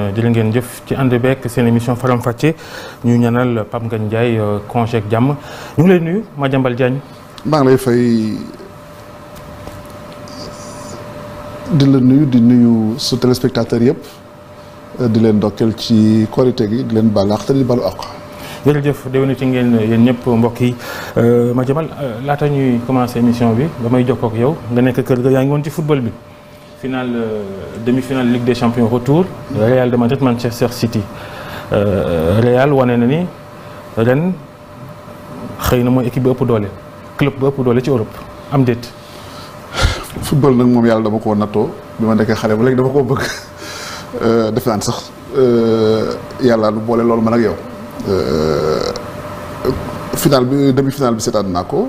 Euh, jërë ngeen jëf ci ànd beek seen émission faram fàcce ñu ñaanal Pape nga Ndiaye euh, congé ak jàmm ñu lay nuyu Madiambal Diagne maa ngi lay fay di la nuyu di nuyu su téléspectateurs yëpp euh, di leen dokkeel ci korité yi di leen baal àq te di balu àq jërëjëf déwénu ci ngeen yéen ñëpp mbokk yi ma Madiambal laata ñuy commencé émission bi damay jokkoo ak yow nga nekk kër ga yaa ngi woon ci football bi finale euh, demi-finale Ligue des Champions retour Real de Madrid Manchester City euh, Real wane na ni ren xëy na mooy équipe bi ëpp doole club bi ëpp doole ci Europe am déet. football nag moom yàlla dama ko nattoo bi ma nekkee xale ba léegi dama koo bëgg euh, def naan sax yàlla lu boole loolu man ak yow. final bi demi final bi seetaan naa ko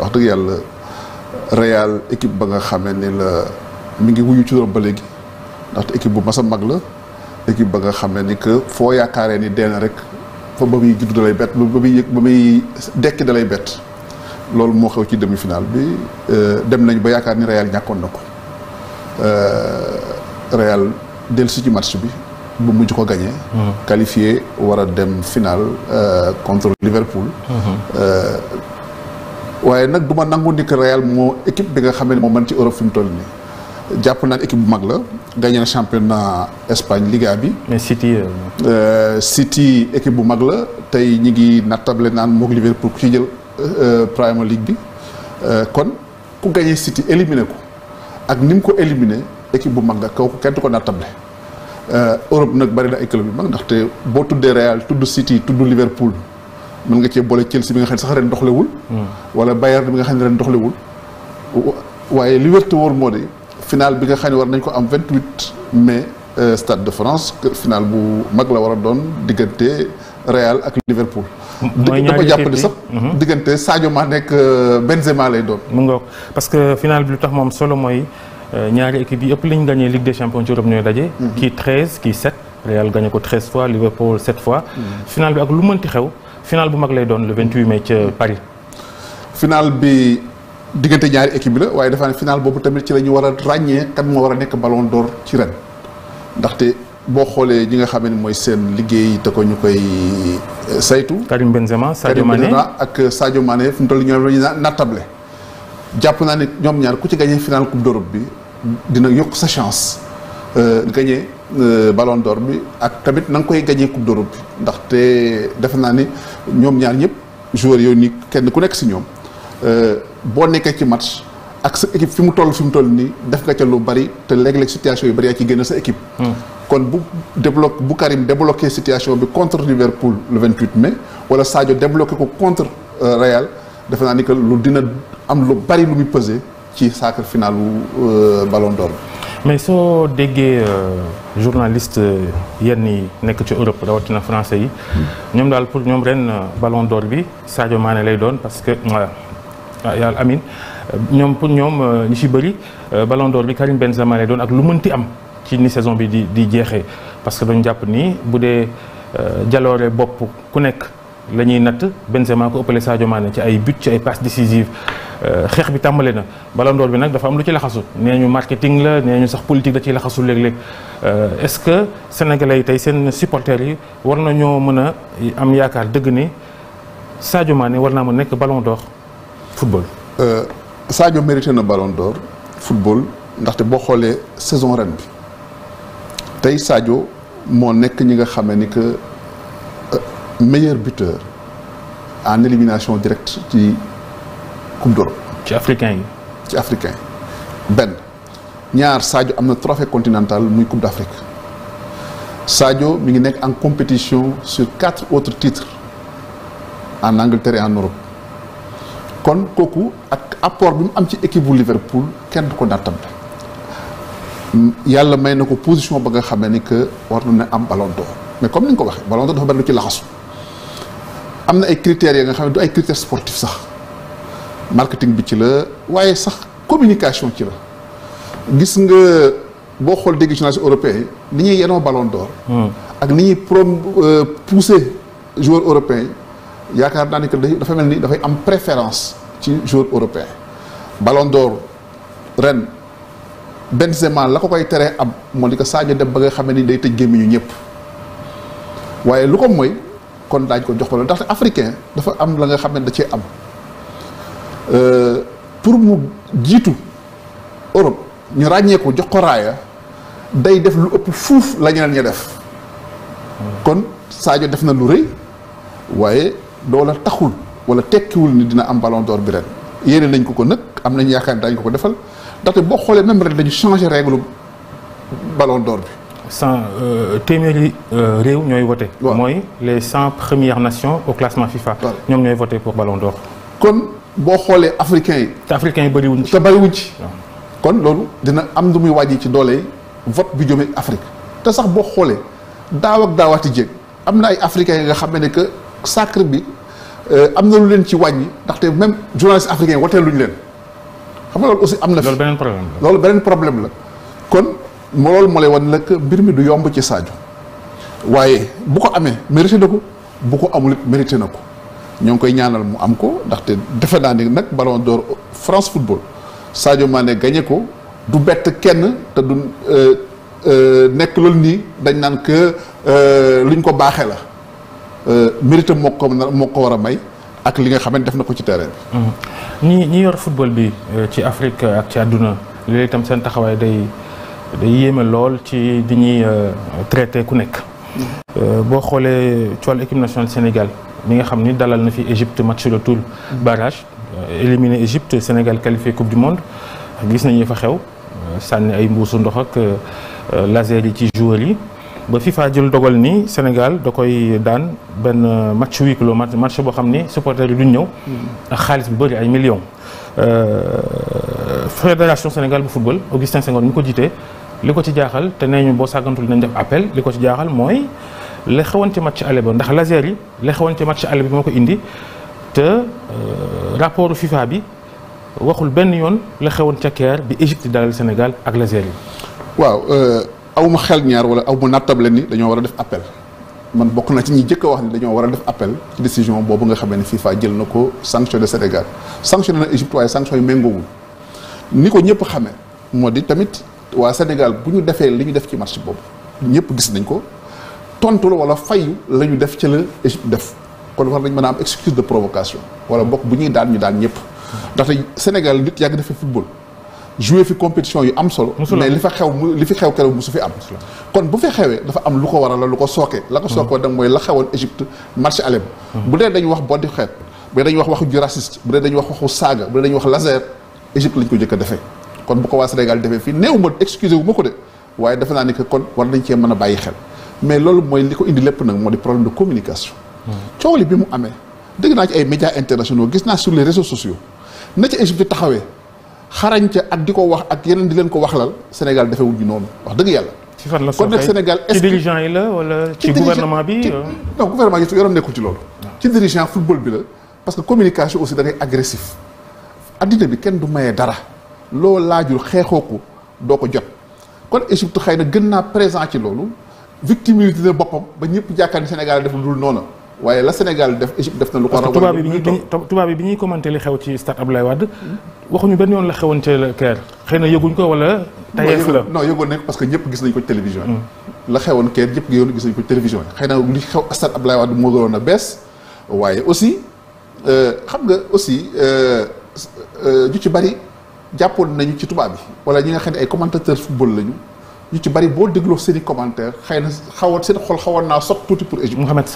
wax dëgg yàlla Real équipe ba nga xamee ni la. mi ngi wuyu ci loolu ba léegi ndaxte équipe bu mas a mag la équipe ba nga xam ne ni que foo yaakaaree ni dee rek fa ba muy juddu dalay bett ba muy yëg ba muy dekki dalay bett loolu moo xew ci demi-finale bi euh, dem nañ ba yaakaar ni Real ñàkkoon na ko euh, Real si ci match bi bu mujj ko gagné. Mm-hmm. qualifié war a dem finale euh, contre Liverpool. Mm-hmm. waaye nag du ma nangu ni que Real moo équipe bi nga xam ne moo mën ci Europe fi mu toll nii. jàpp naa équipe bu mag la gagné na championnat Espagne Liga bi. mais City. Euh, euh, City équipe bu mag la tey ñi ngi nattable naan moog Liverpool ku ci jël euh, Premier League bi kon ku gagné City éliminé ko ak ni mu ko éliminé équipe bu mag la kaw kenn du ko nattable Europe nag bari na ay club yu mag ndaxte boo tuddee reyal tudd City tudd Liverpool mën nga cee boole Chelsea bi nga xam ne sax ren doxlewul. Hmm. wala Bayern bi nga xam ne ren doxlewul waaye li wér final bi nga xam ne war nañ ko am 28 mai euh, Stade de France final bu mag la war a doon diggante Real ak Liverpool. mooy ñaari équipe jàppale sax mhm. diggante Sadio Mané nekk euh, Benzema lay doon. mu ngoog parce que final bi lu tax moom solo mooy euh, ñaari équipe yi ëpp lañ gagné Ligue des champions ci Europe ñooy daje. Mhm. kii 13 kii 7. Real gagné ko 13 fois Liverpool 7 fois. Mhm. final bi ak lu mënti xew final bu mag lay doon le 28 mai ca Paris. final bi. diggante ñaari équipe bi la waaye dafa ne final boobu tamit ci la ñu war a ràññee kan moo war a nekk ballon d'or ci ren ndaxte boo xoolee ñi nga xam ne mooy seen liggéey te ko ñu koy euh, saytu. Karim Benzema Sadio Mané ak euh, Sadio Mané fu mu toll ñoom dañuy nattable jàpp naa ne ñoom ñaar ku ci gagné final coupe d'Europe bi dina yokk sa chance euh, gagné ballon d'or bi ak tamit na nga koy gagné coupe d'Europe bi ndaxte def naa ni ñoom ñaar ñëpp joueurs yooyu ni kenn ku nekk si ñoom. Euh, boo nekkee ci match ak sa équipe fi mu toll fi mu toll nii def nga ca lu bari te léeg-léeg situation yi bari yaa ci génn sa équipe. Hmm. kon bu débloqué bu Karim débloqué situation bi contre Liverpool le 28 mai wala Sadio débloqué ko contre euh, Real defe naa ni que lu dina am lu bari lu muy pesé ci sacre finalu euh, Ballon d'Or mais soo déggee journaliste yenn yi nekk ci Europe rawatina français yi hmm. ñoom daal pour ñoom ren Ballon d'Or bi Sadio Mané lay doon parce que. waaw ah, yàlla amin ñoom pour ñoom euh, ñi ci bëri euh, ballon d'or bi Karim Benzema lay doon ak lu mënti am ci ni saison bi di di jeexee parce que dañu jàpp nii bu dee euh, jaloore bopp ku nekk la ñuy natt Benzema ko ëppale Sadio Mané ci ay but ci ay passes décisives xeex bi tàmbale na ballon d'or bi nag dafa am lu ci laxasu nee ñu marketing la nee ñu sax politique da ciy laxasu léeg-léeg est-ce que sénégalais yi tey seen supporters yi war nañoo mën a am yaakaar dëgg ni Sadio Mané war naa mën nekk ballon football. Euh, Sadio mérité na Ballon d'Or football ndaxte boo xoolee saison ren bi tey Sadio moo nekk ñi nga xamee ni que euh, meilleur buteur en élimination direct ci coupe d'Europe. ci africain yi. ci africain benn ñaar saajo am na trophée continental muy coupe d'Afrique Sadio mi ngi nekk en compétition sur quatre autres titres en Angleterre et en Europe. kon kooku ak apport bi mu am ci équipe bu Liverpool kenn du ko nattam yàlla may na ko position ba nga xamee ni que war na am ballon mais comme ni nga ko waxee ballon d'or dafa bari lu ci laxasu am na ay critères ya nga xam ne du ay critères sportifs sax marketing bi ci la waaye sax communication ci la gis nga boo xool dégg ci nations européens ni ñuy yenoo ballon d'or hmm. ak ni ñuy prom euh, pousser joueurs européens yaakaar naa ni que dafa mel ni dafay am préférence ci joueur européen Ballon d'Or ren Benzema la ko koy teree am moo di ko saajo dem ba nga xam ni day tëj gémmiñu ñëpp waaye lu ko mooy kon daañ ko jox ko africain dafa am la nga xam cee am euh, pour mu jiitu Europe ñu ràññee jox ko day def lu ëpp fuuf def kon Sadio def na lu rëy waaye loola taxul wala tekkiwul ni dina am ballon door bi ren yéene nañ ko ko nag am nañ yaakaar ne daañu ko ko defal ndaxte boo xoolee même ren dañu changé règle ballon d'or bi. cent euh, téeméeri euh, réew ñooy voté. mooy les cent premières nations au classement FIFA. ñoom ñooy voté pour ballon d'or. kon boo xoolee africains yi. te africains yi bëriwuñ ci. te bëriwuñ ci. kon loolu dina am lu muy yi ci doole vote bi jëmee Afrique te sax boo xoolee daaw ak daawaati am na ay africains yi nga xam ne sacre bi euh, am na lu leen ci wàññi ndaxte même journaliste africain watee luñu leen xam nga loolu aussi am na fi loolu beneen problème la kon moo loolu moo lay wan nag mbir mi du yomb ci Sadio waaye bu ko amee mérité na ko bu ko amul it na ko ñoo ngi koy ñaanal mu am ko ndaxte defe naa ni nag ballon d'or France football Sadio Mané gagné ko du bett kenn te du euh, euh, nekk loolu nii dañ naan que luñ ko baaxee la Euh, mérite moo ko moo ko war a may ak li nga xamante def na ko ci terrain mhm. ñi ñi yor football bi euh, ci Afrique ak ci àdduna léegi itam seen taxawaay day day yéeme lool ci di ñuy euh, traité ku nekk. Mhm. boo xoolee ci wàllu équipe nationale Sénégal mi nga xam ni dalal na fi Égypte match retour mhm. barrage éliminé Égypte Sénégal qualifié coupe du monde gis nañu fa xew sànni ay mbuusu ndox ak laser yi ci joueurs yi. ba FIFA jël dogal ni Sénégal da koy daan benn match huis clos match boo xam ni supporters yi duñ ñëw. ak mm. xaalis bu bëri ay millions. Euh, fédération Sénégal bu football Augustin Senghor mi ko jiite li ko ci jaaxal te nee ñu boo sàggantul nañ def appel li ko ci jaaxal mooy la xewoon ci match aller ba ndax Lazer yi la xewoon ci match aller bi moo ko indi te euh, rapport FIFA bi waxul benn yoon la xewoon ca Caire bi Égypte dalal Sénégal ak Lazer yi. Euh, aw xel ñaar wala aw ma nattable ni dañoo war a def appel man bokk na ci ñi jëkk a wax ni dañoo war a def appel ci décision boobu nga xamee ne FIFA jël na ko de Sénégal sanctionné na Égypte waaye sanction yi méngoowul ni ko ñëpp xamee moo di tamit waa Sénégal bu ñu defee li ñu def ci match boobu ñëpp gis nañ ko tontu la wala fayu la ñu def ci la Égypte def kon war nañ mën a am excuse de provocation wala bokk bu ñuy daan ñu daan ñëpp ndaxte Sénégal nit yàgg defee football joué fi compétition yi am solo mais li fa xew li fi xew keroog musu fi am kon bu fi xewee dafa am lu ko waral la lu ko sooke la ko sooke dang mm. mooy la xewoon Égypte marché alem mm. bu dee dañu wax boddi xeet bu dee dañu wax waxu ju raciste bu dee dañu wax waxu saaga bu dee dañu wax laser Égypte lañ ko jëkk a defee kon bu ko waa Sénégal defee fii néew ma excusé wu ma ko de waaye def naa ni que kon war nañ cee mën a bàyyi xel mais loolu mooy li ko indi lépp nag moo di problème de communication mm. coow bi mu amee dégg naa ci ay médias internationaux gis naa sur les réseaux sociaux na taxawee xarañ ca ak di ko wax ak yeneen di leen ko wax lal Sénégal dafewul ñu noonu wax dëgg yàlla. ci fan la kon nag Sénégal est ci dirigeant yi la wala ci gouvernement bi. non gouvernement yi yoram nekkul ci loolu. ci dirigeant football bi la parce que communication aussi da ngay agressif. addina bi kenn du maye dara loo laajul xeexoo ko doo ko jot kon Égypte xëy na gën naa présent ci loolu victime yi dina boppam ba ñëpp jàkkaar ni Sénégal def lu dul noonu. waaye la Sénégal def Égypte def na lu ko raw tubaab bi tubaab bi bi ñuy li xew ci stade Abdoulaye Wade waxuñu benn yoon la xewoon Caire xëy na yëguñ ko la que ñëpp gis nañ ko télévision mm. la xewoon Caire ñëpp yoon gis nañ ko télévision xëy na li xew stade Abdoulaye Wade moo doon a bees waaye aussi euh, xam nga aussi euh, euh, ñu ci bari jàppoon nañu ci tubaab bi wala ñi nga xam ne ay commentateurs football lañu ñu ci bari boo dégloo seen i commentaire xëy na xawoon seen xol xawoon naa sot tuuti pour Égypte